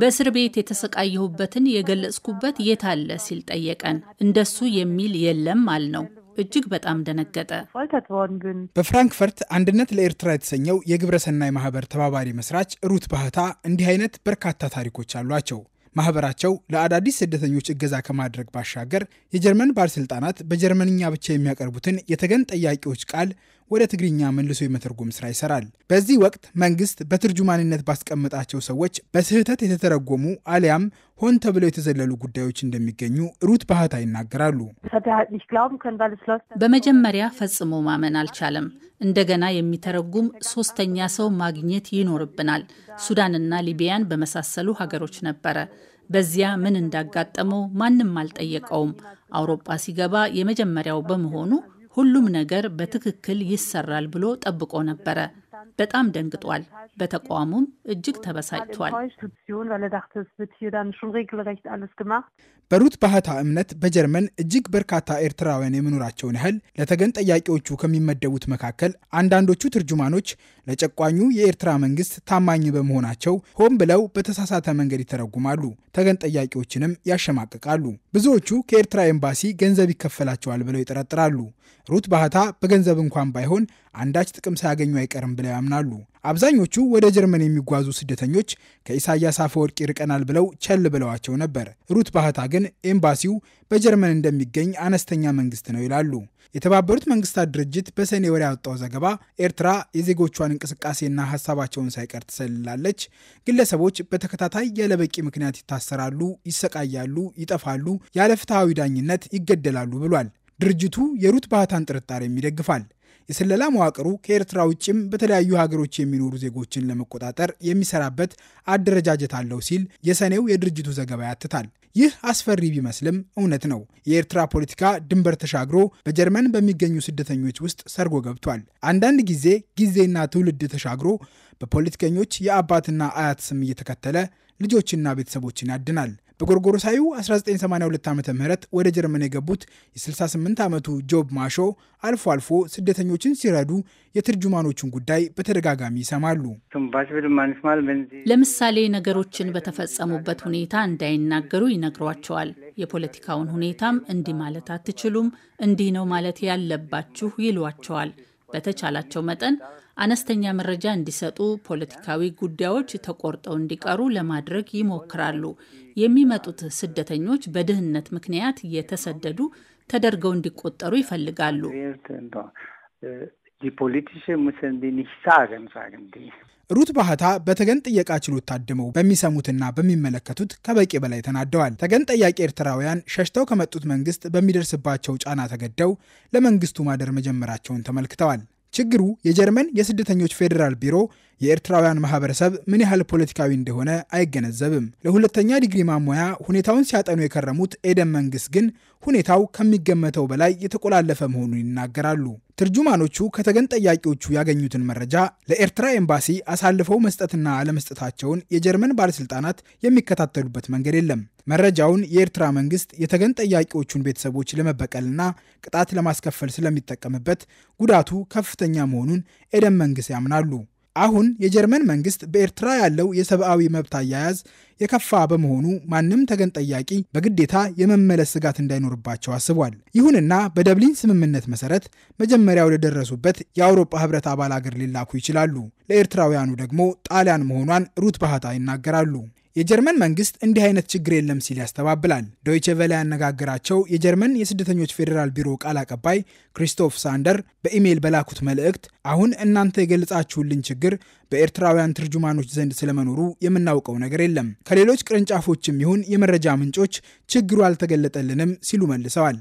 በእስር ቤት የተሰቃየሁበትን የገለጽኩበት የት አለ ሲል ጠየቀን። እንደሱ የሚል የለም አልነው። እጅግ በጣም ደነገጠ። በፍራንክፈርት አንድነት ለኤርትራ የተሰኘው የግብረሰናይ ማህበር ተባባሪ መስራች ሩት ባህታ እንዲህ አይነት በርካታ ታሪኮች አሏቸው። ማህበራቸው ለአዳዲስ ስደተኞች እገዛ ከማድረግ ባሻገር የጀርመን ባለስልጣናት በጀርመንኛ ብቻ የሚያቀርቡትን የተገን ጠያቂዎች ቃል ወደ ትግርኛ መልሶ የመተርጎም ስራ ይሰራል። በዚህ ወቅት መንግስት በትርጁማንነት ባስቀመጣቸው ሰዎች በስህተት የተተረጎሙ አሊያም ሆን ተብለው የተዘለሉ ጉዳዮች እንደሚገኙ ሩት ባህታ ይናገራሉ። በመጀመሪያ ፈጽሞ ማመን አልቻለም። እንደገና የሚተረጉም ሶስተኛ ሰው ማግኘት ይኖርብናል። ሱዳንና ሊቢያን በመሳሰሉ ሀገሮች ነበረ። በዚያ ምን እንዳጋጠመው ማንም አልጠየቀውም። አውሮፓ ሲገባ የመጀመሪያው በመሆኑ ሁሉም ነገር በትክክል ይሰራል ብሎ ጠብቆ ነበረ። በጣም ደንግጧል። በተቋሙም እጅግ ተበሳጭቷል። በሩት ባህታ እምነት በጀርመን እጅግ በርካታ ኤርትራውያን የመኖራቸውን ያህል ለተገን ጠያቂዎቹ ከሚመደቡት መካከል አንዳንዶቹ ትርጅማኖች ለጨቋኙ የኤርትራ መንግስት ታማኝ በመሆናቸው ሆን ብለው በተሳሳተ መንገድ ይተረጉማሉ። ተገን ጠያቂዎችንም ያሸማቅቃሉ። ብዙዎቹ ከኤርትራ ኤምባሲ ገንዘብ ይከፈላቸዋል ብለው ይጠረጥራሉ። ሩት ባህታ በገንዘብ እንኳን ባይሆን አንዳች ጥቅም ሳያገኙ አይቀርም ብለው ያምናሉ። አብዛኞቹ ወደ ጀርመን የሚጓዙ ስደተኞች ከኢሳያስ አፈወርቅ ይርቀናል ብለው ቸል ብለዋቸው ነበር። ሩት ባህታ ግን ኤምባሲው በጀርመን እንደሚገኝ አነስተኛ መንግስት ነው ይላሉ። የተባበሩት መንግስታት ድርጅት በሰኔ ወር ያወጣው ዘገባ ኤርትራ የዜጎቿን እንቅስቃሴና ሀሳባቸውን ሳይቀር ትሰልላለች፣ ግለሰቦች በተከታታይ ያለ በቂ ምክንያት ይታሰራሉ፣ ይሰቃያሉ፣ ይጠፋሉ፣ ያለ ፍትሐዊ ዳኝነት ይገደላሉ ብሏል። ድርጅቱ የሩት ባህታን ጥርጣሬም ይደግፋል። የስለላ መዋቅሩ ከኤርትራ ውጭም በተለያዩ ሀገሮች የሚኖሩ ዜጎችን ለመቆጣጠር የሚሰራበት አደረጃጀት አለው ሲል የሰኔው የድርጅቱ ዘገባ ያትታል። ይህ አስፈሪ ቢመስልም እውነት ነው። የኤርትራ ፖለቲካ ድንበር ተሻግሮ በጀርመን በሚገኙ ስደተኞች ውስጥ ሰርጎ ገብቷል። አንዳንድ ጊዜ ጊዜና ትውልድ ተሻግሮ በፖለቲከኞች የአባትና አያት ስም እየተከተለ ልጆችና ቤተሰቦችን ያድናል። በጎርጎሮሳዩ 1982 ዓ ም ወደ ጀርመን የገቡት የ68 ዓመቱ ጆብ ማሾ አልፎ አልፎ ስደተኞችን ሲረዱ የትርጁማኖቹን ጉዳይ በተደጋጋሚ ይሰማሉ። ለምሳሌ ነገሮችን በተፈጸሙበት ሁኔታ እንዳይናገሩ ይነግሯቸዋል። የፖለቲካውን ሁኔታም እንዲህ ማለት አትችሉም፣ እንዲህ ነው ማለት ያለባችሁ ይሏቸዋል። በተቻላቸው መጠን አነስተኛ መረጃ እንዲሰጡ፣ ፖለቲካዊ ጉዳዮች ተቆርጠው እንዲቀሩ ለማድረግ ይሞክራሉ። የሚመጡት ስደተኞች በድህነት ምክንያት የተሰደዱ ተደርገው እንዲቆጠሩ ይፈልጋሉ። Die politische müssen die nicht sagen, sagen die. ሩት ባህታ በተገን ጥየቃ ችሎት ታድመው በሚሰሙትና በሚመለከቱት ከበቂ በላይ ተናደዋል። ተገን ጠያቂ ኤርትራውያን ሸሽተው ከመጡት መንግስት በሚደርስባቸው ጫና ተገደው ለመንግስቱ ማደር መጀመራቸውን ተመልክተዋል። ችግሩ የጀርመን የስደተኞች ፌዴራል ቢሮ የኤርትራውያን ማህበረሰብ ምን ያህል ፖለቲካዊ እንደሆነ አይገነዘብም። ለሁለተኛ ዲግሪ ማሞያ ሁኔታውን ሲያጠኑ የከረሙት ኤደን መንግስት ግን ሁኔታው ከሚገመተው በላይ የተቆላለፈ መሆኑን ይናገራሉ። ትርጁማኖቹ ከተገን ጠያቂዎቹ ያገኙትን መረጃ ለኤርትራ ኤምባሲ አሳልፈው መስጠትና አለመስጠታቸውን የጀርመን ባለስልጣናት የሚከታተሉበት መንገድ የለም። መረጃውን የኤርትራ መንግስት የተገን ጠያቂዎቹን ቤተሰቦች ለመበቀልና ቅጣት ለማስከፈል ስለሚጠቀምበት ጉዳቱ ከፍተኛ መሆኑን ኤደን መንግስት ያምናሉ። አሁን የጀርመን መንግስት በኤርትራ ያለው የሰብአዊ መብት አያያዝ የከፋ በመሆኑ ማንም ተገን ጠያቂ በግዴታ የመመለስ ስጋት እንዳይኖርባቸው አስቧል። ይሁንና በደብሊን ስምምነት መሰረት መጀመሪያ ወደደረሱበት የአውሮፓ ህብረት አባል አገር ሊላኩ ይችላሉ። ለኤርትራውያኑ ደግሞ ጣሊያን መሆኗን ሩት ባህታ ይናገራሉ። የጀርመን መንግስት እንዲህ አይነት ችግር የለም ሲል ያስተባብላል። ዶይቼ ቬለ ያነጋገራቸው የጀርመን የስደተኞች ፌዴራል ቢሮ ቃል አቀባይ ክሪስቶፍ ሳንደር በኢሜይል በላኩት መልእክት አሁን እናንተ የገለጻችሁልን ችግር በኤርትራውያን ትርጁማኖች ዘንድ ስለመኖሩ የምናውቀው ነገር የለም። ከሌሎች ቅርንጫፎችም ይሁን የመረጃ ምንጮች ችግሩ አልተገለጠልንም ሲሉ መልሰዋል።